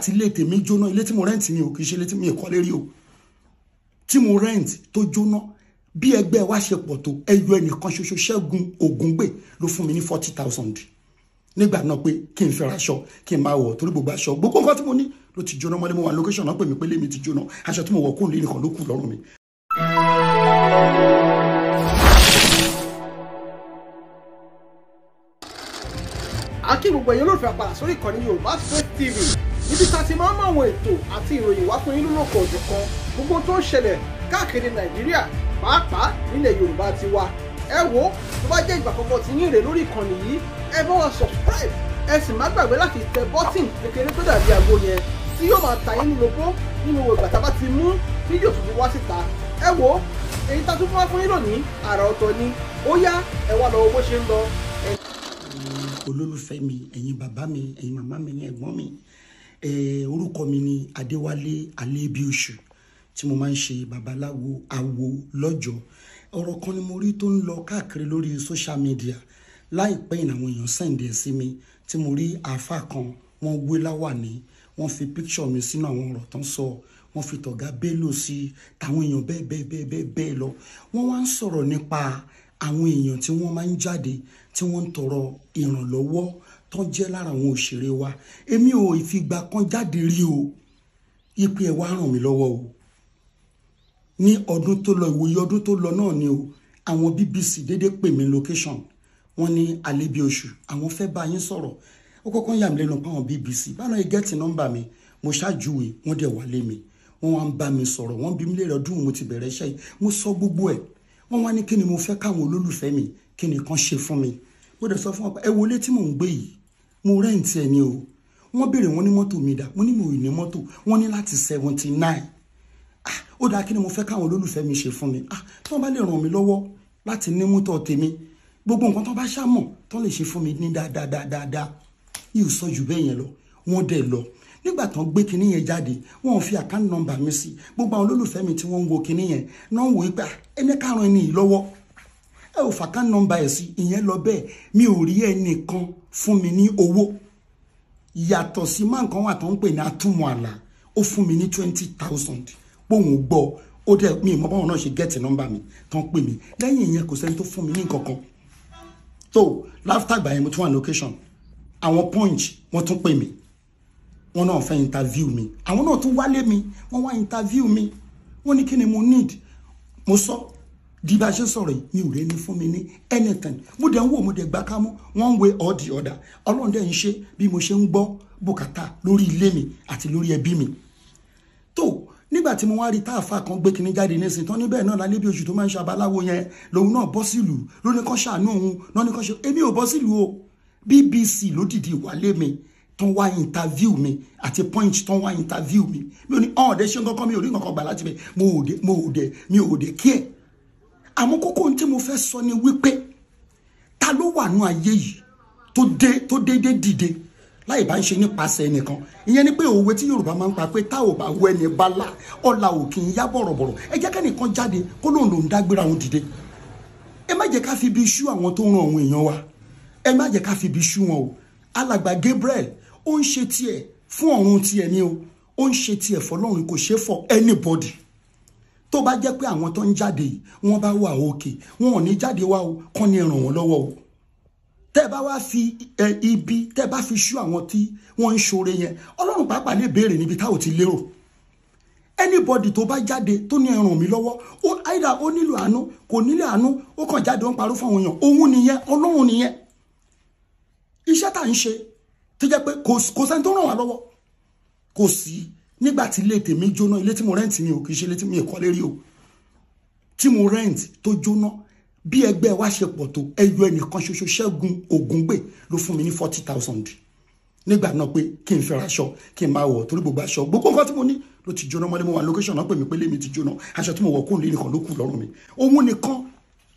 tí ilé tèmi jóná ilé tí mo rent mi ò kì í ṣe ilé tí mi ì kọ́lé rí o tí mo rent tó jóná bí ẹgbẹ́ wa ṣe pọ̀ tó ẹyọ ẹnìkan ṣoṣo ṣẹ́gun ògúngbè ló fún mi ní forty thousand nígbà náà pé kí n fẹ́ra aṣọ kí n máa wọ̀ torí gbogbo aṣọ gbogbo nǹkan tí mo ní ló ti jóná mọ́lé mo wà location náà pè mí pé lèmi ti jóná aṣọ tí mo wọ̀ kóńlé nìkan ló kù lọ́rùn mi. akí gbogbo ẹ̀yọ́ ló fẹ́ padà sórí ìkànnì Yorùbá TV ibi tá a ti máa ń mọ àwọn ètò àti ìròyìn wá fún yín lónà kọ̀ọ̀dù kan gbogbo tó ń ṣẹlẹ̀ káàkiri nàìjíríà pàápàá nílẹ̀ yorùbá ti wa ẹ wo tó bá jẹ́ ìgbà kọ̀ọ̀kan tí yín rè lórí ìkànnì yìí ẹ bá wa subscribe ẹ sì má gbàgbé láti tẹ bọ́tìn kékeré tó dàbí àgbo yẹn tí yóò máa ta yín ní lóko nínú ìgbà tá a bá ti mú fídíò tuntun wá síta ẹ wo èyí tá a tún fún wa fún yín lónìí àrà ọ̀tọ̀ ni ó yá ẹ wá lọ owó ṣe ń lọ. olólùfẹ́ mi ẹ̀yin bàbá mi ẹ̀yin màmá mi ẹ̀gbọ́n mi orúkọ mi ni adéwálé alébíoṣù tí mo máa ń ṣe babaláwo awo lọ́jọ́ ọ̀rọ̀ kan ni mo rí tó ń lọ káàkiri lórí social media láìpẹ́ yìí làwọn èèyàn sẹ̀ǹdẹ̀ sí mi tí mo rí àáfà kan wọ́n gbé láwàní wọ́n fi píkṣọ̀ mi sínú àwọn ọ̀rọ̀ tó ń sọ wọ́n fi tọ̀gá bélò sí i táwọn èèyàn bẹ́ẹ̀ bẹ́ẹ̀ bẹ́ẹ̀ bẹ́ẹ̀ lọ wọ́n wá ń sọ̀rọ̀ nípa àwọn èèyàn tí wọ́n máa ń jáde tí wọ́n ń tọrọ ìrànlọ́wọ́ tó jẹ́ lára àwọn òṣèré wa èmi ò ìfìgbà kan jáde rí o ipe ẹ̀ wá ràn mí lọ́wọ́ o ní ọdún tó lọ ìwòye ọdún tó lọ náà ni o àwọn BBC dédé pè mí location wọ́n ní Alebiosu àwọn fẹ́ bá yín sọ̀rọ̀ ó kọ́kọ́ yà mí lẹ́nu páwọn BBC báwọn ẹ gẹ́tì nọ́mbà mi mo ṣáàjúwe wọ́n dẹ̀ wá lé mi wọ́n wá ń bá mi sọ̀rọ̀ wọ́n bí mi lè rọ́dún mo ti bẹ̀rẹ̀ iṣẹ́ yìí mo sọ gbogbo ẹ̀ wọ́n wá ní kí ni mo fẹ́ káwọn olólùfẹ́ mi kí ni kan ṣe fún mi mo dẹ̀ sọ fún wọn pé ẹ wọlé tí mò ń gbé yìí mo rẹ́ǹtì ẹ̀ ni o wọ́n béèrè wọ́n ní mọ́tò mi dà mo ní mo ì ní mọ́tò wọ́n ní láti seventy nine ah, ó dáa kí ni mo fẹ́ káwọn olólùfẹ́ mi ṣe fún mi ah, tí wọ́n bá lè ràn mí lọ́wọ́ láti ní mútọ̀ tèmi gbogbo nǹkan tó bá ṣàmọ̀ tó lè ṣe fún mi ní dáadáa dáadáa mi sọ jù bẹ́ẹ̀ yẹn lọ wọ́n dẹ̀ lọ nígbà tó ń gbé kinní yẹn jáde wọn ò fi account number mi sí gbogbo àwọn olólùfẹ́ mi tí wọ́n ń wo kinní yẹn náà ń wò pé ah, ẹni karùn-ún ẹni yìí lọ́wọ́ ẹ ò fàkà nọ́mbà ẹ̀ sí ìyẹn lọ bẹ́ẹ̀ mi ò rí ẹnìkan fún mi ní owó yàtọ̀ sí máa nǹkan wà tó ń pè ní atúmọ̀ àlà ó fún mi ní twenty thousand póun gbọ́ ó dẹ̀ mi ìmọ̀ báwọn náà ṣe gẹ́ẹ̀tì nọ́mbà mi tó ń pè mí lẹ́yìn ìyẹn kò sẹ́ni tó fún mi ní nǹkan kan tó láftàgbà yẹn mo tún wà location àwọn punch wọ́n tún pè mí wọn náà fẹ́ interview mi àwọn náà tún wálé mi wọ́n wá interview mi wọ́n ní kí ni mo need mo sọ di bá a ṣe sọ̀rọ̀ yìí mi ò rẹ́ ní fún mi ní anything mo dẹ̀ ń wò mo dẹ̀ gbá kámú one way or the other ọlọ́run dẹ̀ ń ṣe bí mo ṣe ń gbọ́ bùkátà lórí ilé mi àti lórí ẹbí mi tó nígbà tí mo wá rí táàfà kan gbé kinní jáde nísìnyí tán níbẹ̀ náà lálẹ́ bí oṣù tó máa ń ṣabaláwo yẹn lòun náà bọ́ sílùú lóní kan ṣàánú òun lóní kan ṣe èmi ò bọ́ sílùú o BBC ló dìde wálé mi tó ń wá interview mi àti point tó ń wá interview mi mi ò ní ọ̀hún oh, ọ̀dẹ ṣe ń kọ́kọ́ mi ò rí nǹkan kan gbà láti bẹ̀ mo ò dé mo ò dé mi ò dé kí ẹ̀ àmọ́ kókó ohun tí mo fẹ́ sọ ni wípé ta ló wà nú ayé yìí tó dé tó déédéé dìde láì bá ń ṣe nípasẹ̀ ẹnìkan ìyẹn ni pé òwe tí yorùbá máa ń pa pé tá ò bá wọ ẹni bá là ọ̀la ò kì í yá bọ̀rọ̀bọ̀rọ̀ ẹ jẹ́ kẹ́nìkan jáde kó lóun lòún dágbéra òun dìde ẹ má jẹ́ ká fi ibi iṣu àwọn tó ń ran àwọn èèyàn wa ẹ má jẹ́ ká fi ibi iṣu wọn o alàgbà Gabriel ó ń ṣe tiẹ̀ fún ọ̀run tiẹ̀ ni o ó ń ṣe tiẹ̀ fọlọ́run kò ṣe é for anybody tó bá jẹ́ pé àwọn tó ń jáde yìí wọ́n bá wà òkè wọn ò ní jáde wá o kán ní ràn wọ́n lọ́wọ́ o tẹ́ ẹ bá wá fi ẹ ibi tẹ́ ẹ bá fi ṣú àwọn tí wọ́n ń ṣoore yẹn ọlọ́run pàápàá lè béèrè níbi tá ti lérò anybody tó bá jáde tó ní ràn mí lọ́wọ́ ó either ó nílò àánú kò nílò àánú ó kàn jáde ó ń parọ́ fún àwọn èèyàn òun nìyẹn ọlọ́run nìyẹn iṣẹ́ tá à ń ṣe tó jẹ́ pé kò sẹ́ni tó ràn wá lọ́wọ́ kò sí nígbà tí ilé tèmi jóná ilé tí mo rent mi ò kì í ṣe ilé tí mi ò kọ́lé rí o tí mo rent tó jóná bí ẹgbẹ́ wa ṣe pọ̀ tó ẹyọ ẹnìkan ṣoṣo ṣẹ́gun ògúngbè ló fún mi ní forty thousand nígbà náà pé kí n fẹ́ra aṣọ kí n máa wọ̀ torí gbogbo aṣọ gbogbo nǹkan tí mo ní ló ti jóná mọ́lé mo wà location náà pè mí pé lèmi ti jóná aṣọ tí mo wọ̀ kóńlé nìkan ló kù lọ́rùn mi òun nìkan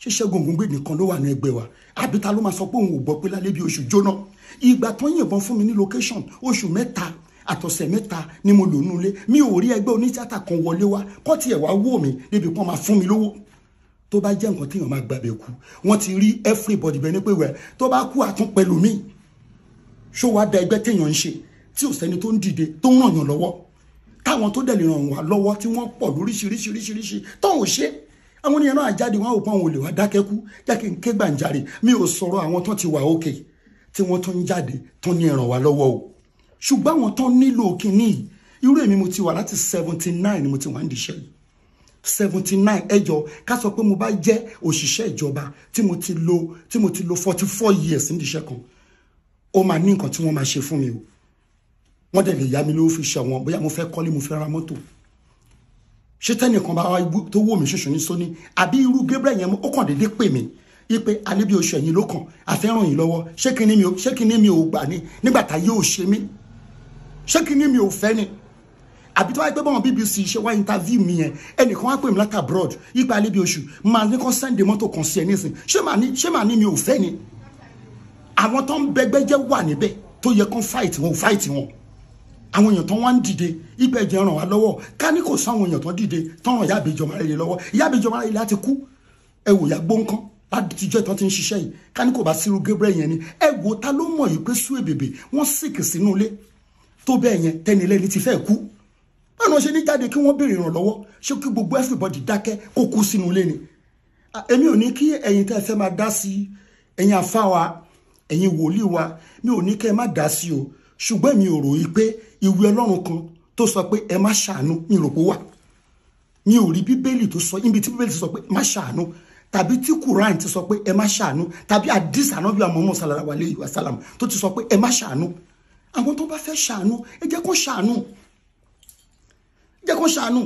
ṣíṣẹ́gun ògúngbè nìkan ló wà ní ẹgbẹ́ wa àbí ta ló máa sọ pé òun ò gbọ́ pé lálé bí oṣù jóná ìgbà tó yìnbọn fún mi ní location oṣù mẹ́ta àtọ̀sẹ̀ mẹ́ta ni mo lò nínú ilé mi ò rí ẹgbẹ́ onítíátà kan wọlé wá kọ́ tiẹ̀ wá wò mí níbi kan máa fún mi lówó tó bá jẹ́ nǹkan téèyàn máa gbàgbẹ́ kú wọ́n ti rí everybody bẹ́ẹ̀ ni pé wẹ̀ tó bá kú àtúnpẹ̀lú mi ṣó wàá da ẹgbẹ́ téèyàn ń ṣe tí ò sẹ́ni tó ń dìde tó ń ràn yàn lọ́wọ́ táwọn tó dẹ̀ lè ràn wá lọ́wọ́ tí wọ́n pọ̀ lóríṣiríṣiríṣiríṣi tó ò ṣe àwọn ènìyàn náà jáde wọn ò pọ́n òun lè wá dákẹ́kú jákèké gbàǹjarè mi ò sọ̀rọ̀ àwọn tó ti wà ókè okay tí wọ́n tún ń jáde tún ní ẹ̀ràn wá lọ́wọ́ o ṣùgbọ́n àwọn tán nílò kínní yìí irú èmi mo ti wà láti seventy nine ni mo ti wà ń diṣẹ́ yìí seventy nine ẹjọ ká sọ pé mo bá jẹ́ òṣìṣẹ́ ìjọba tí mo ti lò tí mo ti lò forty four years ń diṣẹ́ kan ó máa ní nǹkan tí wọ́n máa ṣe fún mi o wọ́n dẹ̀ lè yá mi lówó fi ṣe àwọn bóyá mo fẹ́ kọ́lé mo fẹ́ ra mọ́tò ṣé tẹ́nìkan bá wá tó wò mí ṣoṣo ní sóní àbí irú Gabriel yẹn ó kàn déédéé pè mí wípé alẹ́ bí oṣù ẹ̀yìn ló kàn àfẹ́ràn yìí lọ́wọ́ ṣé kinní mi ò ṣé kinní mi ò gbà ní nígbà tá yóò ṣe mí ṣé kinní mi ò fẹ́ ni àbí tó wáyé pé báwọn BBC ṣe wá interview mi yẹn ẹnìkan wá pè mí láti abroad yípa alẹ́ bí oṣù máa ní kàn sẹ́ndé mọ́tò kan sí ẹ nísìn ṣé màá ní ṣé màá ní mi ò fẹ́ ni àwọn tó ń bẹgbẹ́ jẹ́ wà níbẹ̀ tó yẹ kán fight wọn ò fight wọn àwọn èèyàn tán wá ń dìde ibẹ̀ jẹ́ ràn wá lọ́wọ́ ká ní kò sáwọn èèyàn tán dìde tán ràn yábẹ́jọ́ máa rẹ̀ lọ́wọ́ yábẹ́jọ́ máa rẹ̀ láti kú ẹ wò yá gbóǹkan látijọ́ ìtàn ti ń ṣiṣẹ́ yìí ká ní kò bá sírú Gabriel yẹn ni ẹ wo ta ló mọ̀ yìí pé sú èbèbè wọ́n sìkì sínú ilé tó bẹ́ẹ̀ yẹn tẹnilẹ́ni ti fẹ́ kú báwọn ṣe ní jáde kí wọ́n béèrè ìrànlọ́wọ́ ṣé kí gbogbo everybody dákẹ́ kó kú sínú ilé ni èmi ò ní kí ẹ̀yin tẹ́ fẹ́ máa dá sí ẹ̀yin afá wa ẹ̀yin wòlíì wa mi ò ní kẹ́ ẹ má dá sí o ṣùgbọ́n mi ò ròyìn tàbí tí Quran ti sọ pé ẹ má ṣàánú tàbí àdìs ànábì àmọ́mọ́ sàlàyé wàlẹ́ ìwà sàlàm tó ti sọ pé ẹ má ṣàánú àwọn tó bá fẹ́ ṣàánú ẹ jẹ́ kó ṣàánú jẹ́ kó ṣàánú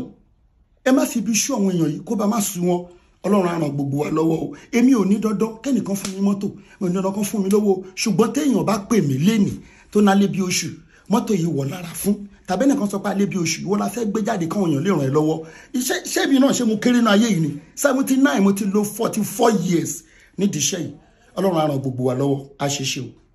ẹ má fi ibi iṣu àwọn èèyàn yìí kó bá má sú wọn ọlọ́run á ràn gbogbo wa lọ́wọ́ o èmi ò ní dandan kẹ́nìkan fún mi mọ́tò mi ò ní dandan kan fún mi lówó ṣùgbọ́n téèyàn bá pè mí lénìí tó nálé bí oṣù mọ́tò yìí wọ̀ lára fún tàbí ẹnìkan sọ pé alẹ́ bíi oṣù ìwọ la fẹ́ gbé jáde káwọn èèyàn lè ràn ẹ́ lọ́wọ́ iṣẹ́ iṣẹ́ mi náà ṣe mo kéré náà ayé yìí ni seventy nine mo ti lò forty four years nídìí iṣẹ́ yìí ọlọ́run á ràn gbogbo wa lọ́wọ́ á o